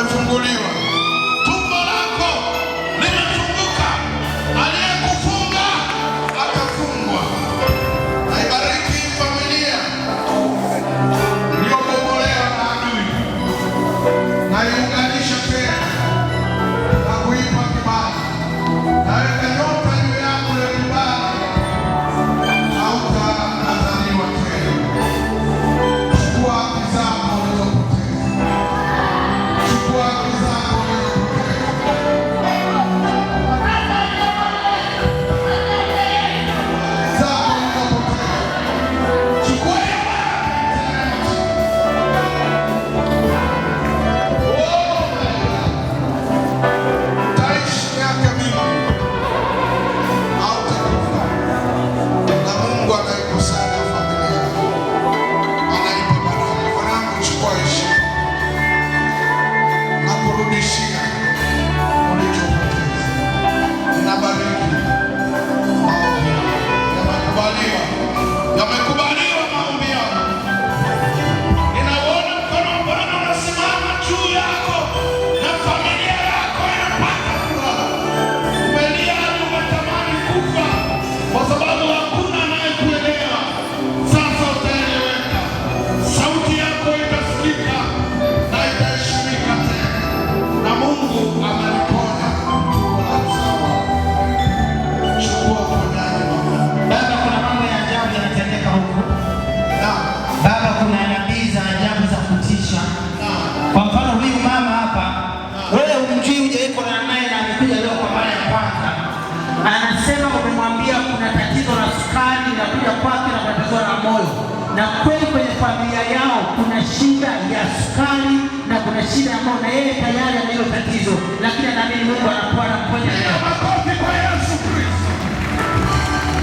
umefunguliwa fogo me anasema umemwambia kuna tatizo la sukari linakuja kwake na tatizo la moyo, na kweli kwenye familia yao kuna shida ya sukari na kuna shida ya moyo, na yeye tayari ana hilo tatizo, lakini anaamini Mungu anakuwa anamponya leo.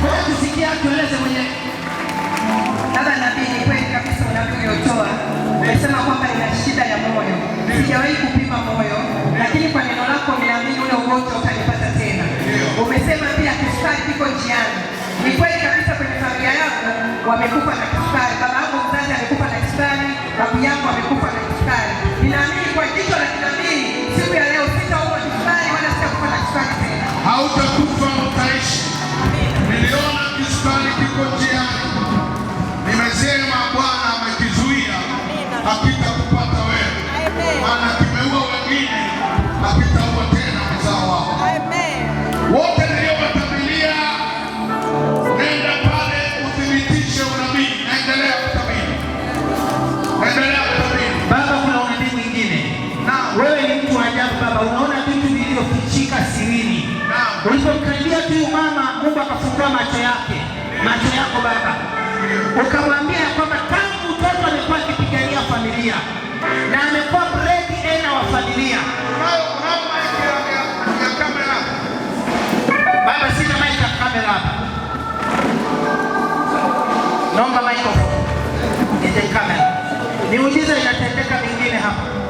Kwa kusikia tueleze mwenye wamekufa na kisukari, baba yangu mzazi amekufa na kisukari, babu yangu amekufa na kisukari. Ninaamini kwa jicho la kinabii siku ya leo sitaumwa kisukari wala sitakufa na kisukari tena. Hautakufa, utaishi. Niliona kisukari kiko njiani, nimesema Bwana amekizuia, hakitakupata wewe, maana kimeua wengine, hakitaua tena mzao wao wote. macho yako Baba, ukamwambia ya kwamba tangu utoto amekuwa akipigania familia na amekuwa bredi ena wa familia Baba, sina ya kamera nomba maiko ite kamera niulize, inatendeka mingine hapa